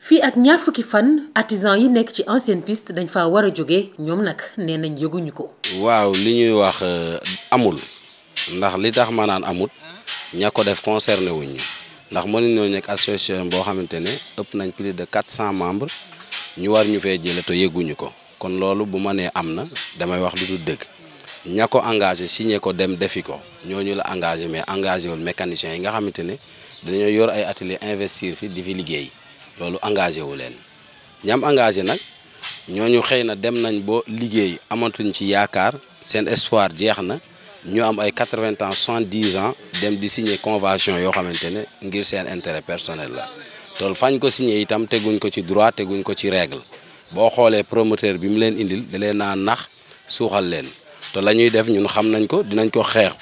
fii ak ñaar fukki fan artisan yi nekk ci ancienne piste dañ fa war a jóge ñoom nag nee nañ yëguñu ko. waaw li ñuy wax euh, amul ndax li tax ma naan amut ña ko def concerné wuñ ñu ndax mënuñoo nekk association boo xamante ne ëpp nañ plus de 400 membres ñu war ñu fee jëlee te yëguñu ko kon loolu bu ma nee am na damay wax lu dul dëgg. ña ko engagé signe ko dem defi ko ñoo ñu la engagé mais engagé wul mécaniciens yi nga xamante ne dañoo yor ay atelier investir fi di fi liggéey loolu engagé wu leen ñam engagé nag ñooñu xëy na dem nañ ba liggéey amatuñ ci yaakaar seen espoir jeex na ñu am ay quatre-vingts ans ans dem di signer convention yoo xamante ne ngir seen intérêt personnel la tool fañ ko signé itam teguñ ko ci droit teguñ ko ci règle boo xoolee promoteur bi mu leen indil da leen naa nax suuxal leen te la ñuy def ñun xam nañ ko dinañ ko xeex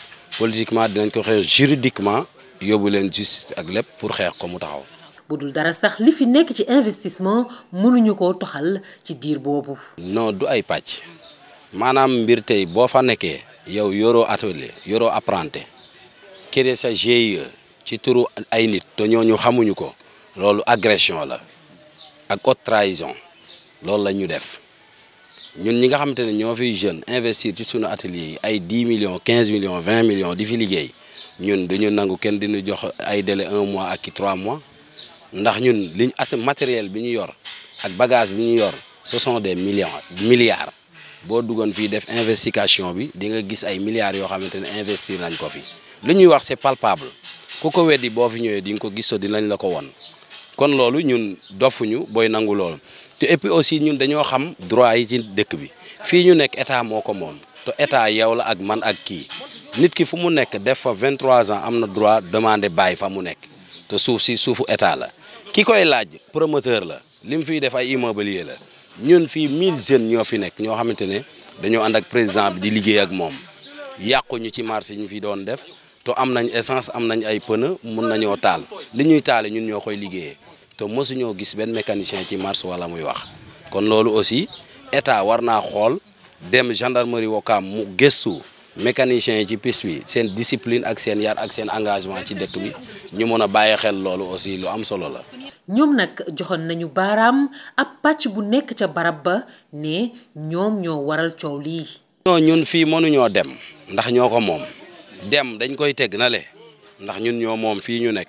politiquement dinañ ko xeex juridiquement yóbbu leen justice ak lépp pour xeex ko mu taxaw. bu dul dara sax li fi nekk ci investissement mënuñu koo toxal ci diir boobu. non du ay pàcc maanaam mbir tey boo fa nekkee yow yoro atelier yoro apprenti créer sa GIE ci turu ay nit te ñu xamuñu ko loolu agression la ak haute trahison loolu la ñu def. ñun ñi nga xamante ne ñoo fiy jeune investir ci suñu atelier yi ay 10 millions 15 millions 20 millions di fi liggéey ñun duñu nangu kenn di nu jox ay délai un mois ak i trois mois ndax ñun liñ at matériel bi ñu yor ak bagage bi ñu yor ce sont des millions milliards boo duggoon fii def investigation bi di nga gis ay milliards yoo xamante ne investir nañ ko fi li ñuy wax c'est palpable ku ko weddi boo fi ñëwee di nga ko gis so dinañ la ko won kon loolu ñun dofuñu booy nangu loolu te et aussi ñun dañoo xam droit yi ci dëkk bi fii ñu nekk état moo ko moom te état yow la ak man ak kii nit ki fu mu nekk def fa 23 ans am na droit demander bàyyi fa mu nekk te suuf si suufu état la ki koy laaj promoteur la li mu fiy def ay immobilier la ñun fii mille jeunes ñoo fi nekk ñoo xamante ne dañoo ànd ak président bi di liggéey ak moom yàqu ñu ci marché ñu fi doon def te am nañ essence am nañ ay pneu mun nañoo taal li ñuy taale ñun ñoo koy liggéeyee. te mosuñoo gis benn mécanicien ci marche wala muy wax kon loolu aussi état war naa xool dem gendarmerie Wakaam mu gëstu mécaniciens yi ci piste bi seen discipline ak seen yar ak seen engagement ci dëkk bi ñu mën a bàyyi xel loolu aussi lu am solo la. ñoom nag joxoon nañu baaraam ab pàcc bu nekk ca barab ba ne ñoom ñoo waral coow lii. ñoo ñun fii mënuñoo dem ndax ñoo ko moom dem dañ koy teg na le ndax ñun ñoo moom fii ñu nekk.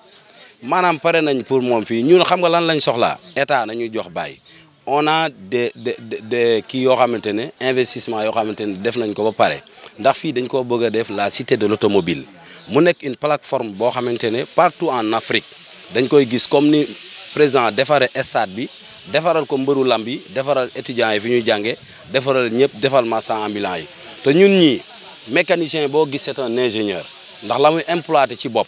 maanaam pare nañ pour moom fii ñun xam nga lan lañ soxlaa état nañu jox baay on a de de des kii yoo xamante ne investissement yoo xamante ne def nañ ko ba pare ndax fii dañ ko bëgg a def la cité de l'automobile mu nekk une plateforme boo xamante ne partout en Afrique dañ koy gis comme ni président defare stade bi defaral ko mbëru lamb yi defaral étudiants yi fi ñuy jànge defaral ñëpp defal marchand ambulant yi te ñun ñi mécanicien boo gis c'est un ingénieur ndax la muy implanté ci bopp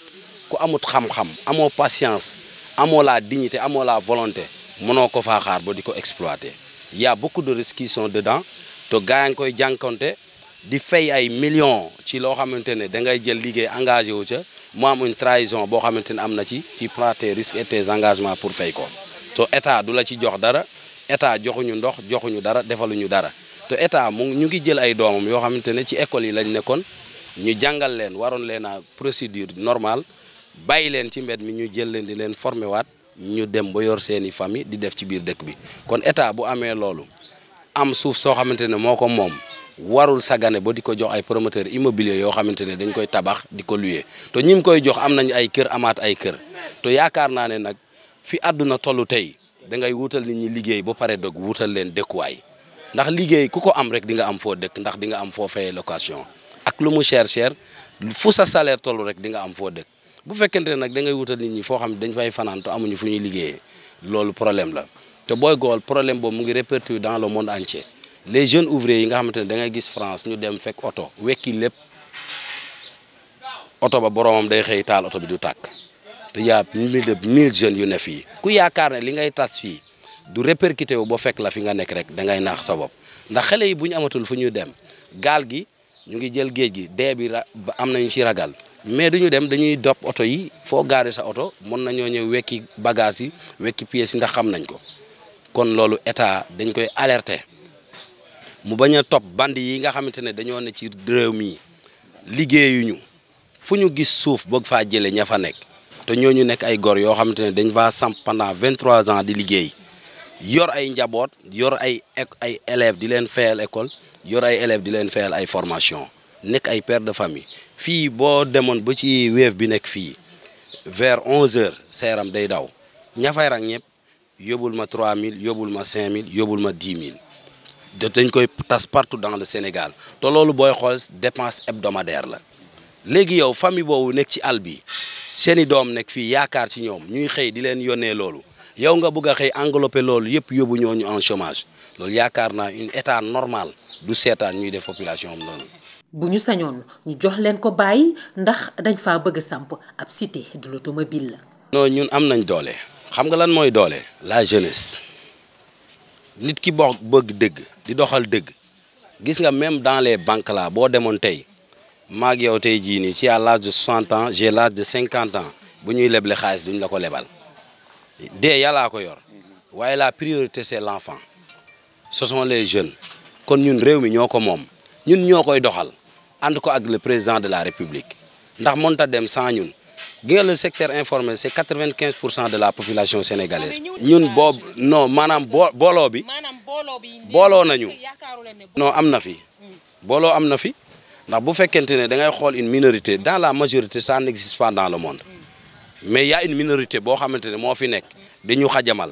ku amut xam-xam amoo patience amoo la dignité amoo la volonté mënoo ko faa xaar ba di ko exploiter ya y a de risques qui sont dedans te gaa ngi koy jànkonte di fay ay millions ci loo xamante ne da ngay jël liggéey engagé wu ca mu am une trahison boo xamante ne am na ci ci prend tes engagement pour fay ko te état du la ci jox dara état joxuñu ndox joxuñu dara defaluñu dara te état mu ñu ngi jël ay doomam yoo xamante ne ci école yi lañ nekkoon ñu jàngal leen waroon leen a procédure normale bàyyi leen ci mbed mi ñu jël leen di leen formé waat ñu dem ba yor seeni famille di def ci biir dëkk bi kon état bu amee loolu am suuf soo xamante ne moo ko moom warul sagane ba di ko jox ay promoteur immobilier yoo xamante ne dañ koy tabax di ko luye te ñi mu koy jox am nañu ay kër amaat ay kër te yaakaar naa ne nag fi àdduna tollu tey da ngay wutal ni ñi liggéey ba pare dog wutal leen dëkkuwaay ndax liggéey ku ko am rek di nga am foo dëkk ndax di nga am foo fayee location ak lu mu cher cher fu sa salaire toll rek di nga am foo dëkk bu fekkente ne nag da wutal nit ñi foo xam ne dañ fay fanaan te amuñu fu ñuy liggéeyee loolu problème la te booy gool problème boobu mu ngi répercuté dans le monde entier les jeunes ouvriers yi nga xamante ne da ngay gis France ñu dem fekk oto wekki lépp oto ba boromam day xëy taal oto bi du tàkk te y mille de jeunes yu ne fii ku yaakaar ne li ngay tas fii du répercuté wu boo fekk la fi nga nekk rek da ngay naax sa bopp ndax xele yi bu ñu amatul fu ñuy dem gaal gi ñu ngi jël géej gi dee bi am nañu ci ragal mais duñu dem dañuy dopp oto yi foo gaare sa oto mën nañoo ñëw wekki bagage yi wekki pièces yi ndax xam nañ ko kon loolu état dañ koy alerter mu bañ a topp bandi yi nga xamante ne dañoo ne ci réew mi liggéeyuñu fu ñu gis suuf bëgg faa jëlee ña fa nekk te ñooñu nekk ay gor yoo xamante ne dañ faa samp pendant vingt-trois ans di liggéey yor ay njaboot yor ay ay élèves di leen fayal école yor ay élèves di leen fayal ay formation nekk ay père de famille fii boo demoon ba ci weef bi nekk fii vers onze heures sa day daw ña fay ñëpp yóbbul ma trois mille yóbbul ma cinq mille yóbbul ma dix mille dañ koy tas partout dans le Sénégal te loolu booy xool dépense hebdomadaire la léegi yow famille boobu nekk ci àll bi seen i doom nekk fii yaakaar ci ñoom ñuy xëy di leen yónnee loolu yow nga bëgg a xëy englobé loolu yëpp yóbbu ñooñu en chômage loolu yaakaar naa une état normal du seetaan ñuy def population am noonu bu ñu sañoon ñu jox leen ko bàyyi ndax dañ faa bëgg samp ab cité de l'automobile la. non ñun am nañ doole xam nga lan mooy doole la jeunesse nit ki boo bëgg di doxal dëgg gis nga même dans les banques là boo demoon tey maag yow tey jii nii ci à l'âge de 60 ans j'ai l'âge de 50 ans bu ñuy leble xaalis duñ la ko lebal dee yàllaa ko yor waaye la priorité c'est l'enfant ce sont les jeunes kon ñun réew mi ñoo ko moom ñun ñoo koy doxal ànd ko ak le président de la république ndax mënut a dem sans ñun génn le secteur informel c' vingt quinze pour de la population sénégalaise. ñun boobu no maanaam boo booloo bi booloo nañu. non am na fi hmm. booloo am na fi ndax bu fekkente ne da ngay xool une minorité dans la majorité ça n' existe pas dans le monde hmm. mais y' a une minorité boo xamante ne moo fi nekk di ñu xajamal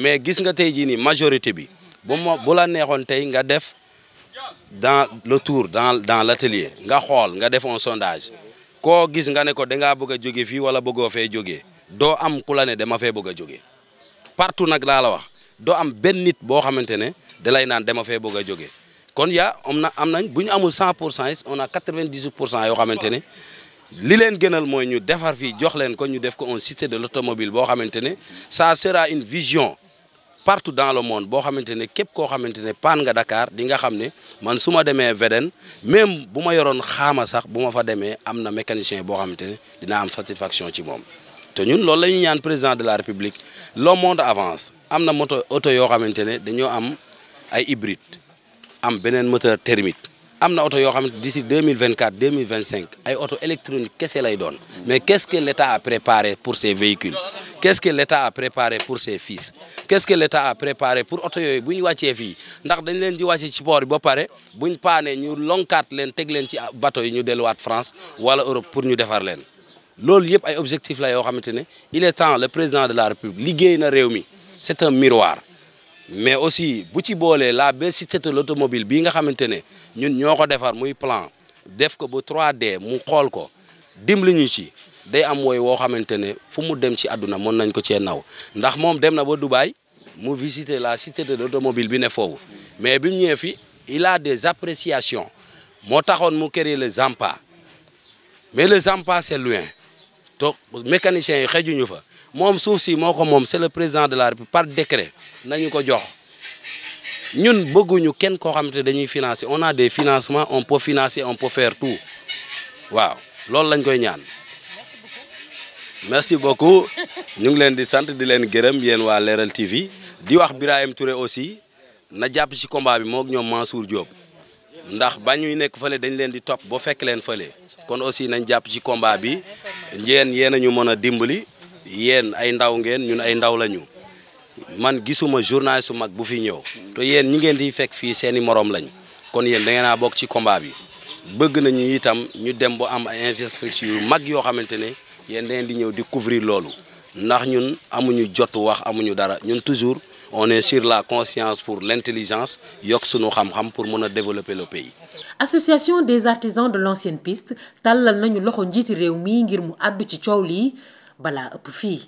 mais gis nga tey jii nii majorité bi bu la neexoon tey nga def. dans le tour dans dans l'atelier nga xool nga def un sondage koo gis nga ne ko dangaa bëgg a jóge fii wala bëggoo fee jógee doo am ku la ne dama fee bëgg a jógee partout nag laa la wax doo am benn nit boo xamante ne da lay naan dama fee bëgg a jógee kon yaa am na am na bu ñu amul 100 pour cent on a 98 pour cent yoo xamante ne li leen gënal mooy ñu defar fii jox leen ko ñu def ko un cité de l'automobile boo xamante ne ça sera une vision partout dans le monde boo xamante ne képp koo xamante ne paan nga Dakar di nga xam ne man su ma demee Védène même bu ma yoroon xaama sax bu ma fa demee am na mécanicien boo xamante ne dina am satisfaction ci moom te ñun loolu la ñu ñaan président de la République le monde avance am na moto oto yoo xamante ne dañoo am ay hybride am beneen moteur thermique am na oto yoo xamante d'ici 2024 2025 ay oto électronique kese lay doon mais qu'est-ce que l'État a préparé pour ces véhicules qu'est-ce que l'État a préparé pour ses fils qu'est-ce que l'État a préparé pour oto yooyu bu ñu wàccee fii ndax dañ leen di wàcce ci port bi ba pare buñ paanee ñu lonkaat leen teg leen ci bateau yi ñu delluwaat France wala Europe pour ñu defar leen loolu yëpp ay objectif la yoo xamante ne il est temps le président de la République liggéey na réew mi c'est un miroir mais aussi bu ci boolee la bellicité de l'automobile bi nga xamante ne ñun ñoo ko defar muy plan def ko ba 3D mu xool ko dimbali ñu ci day am wooy woo xamante ne fu mu dem ci àdduna mën nañ ko cee naw ndax moom dem na ba Dubaï mu visiter la cité de l'automobile bi ne foofu mais bi mu ñëwee fi il a des appréciations moo taxoon mu créer le Zampa mais le Zampa c'est loin to mécaniciens yi xejuñu fa moom suuf si moo ko moom c'est le président de la République par décret nañu ko jox ñun bëgguñu kenn koo xamante dañuy financer on a des financements on peut financer on peut faire tout waaw loolu lañ koy ñaan merci beaucoup ñu ngi leen di sant di leen gërëm yéen waa Leral TV di wax biraayam Touré aussi na jàpp ci combat bi moog ñoom Mansour Diop ndax ba ñuy nekk fële dañ leen di topp boo fekk leen fële kon aussi nañ jàpp ci kombaa bi yéen yéen a ñu mën a dimbali yéen ay ndaw ngeen ñun ay ndaw lañu man gisuma journaliste su mag bu fi ñëw te yéen ñi ngeen di fekk fii seeni morom lañ kon yéen da a bokk ci kombaa bi bëgg nañu itam ñu dem bu am ay yu mag yoo xamante ne. yéen dañ di ñëw di couvrir loolu ndax ñun amuñu jot wax amuñu dara ñun toujours on est la conscience pour l'intelligence yokk sunu xam-xam pour mën a développer le pays. association des artisans de l'ancienne piste tàllal nañu loxo njiiti réew mii ngir mu àddu ci coow lii balaa ëpp fii.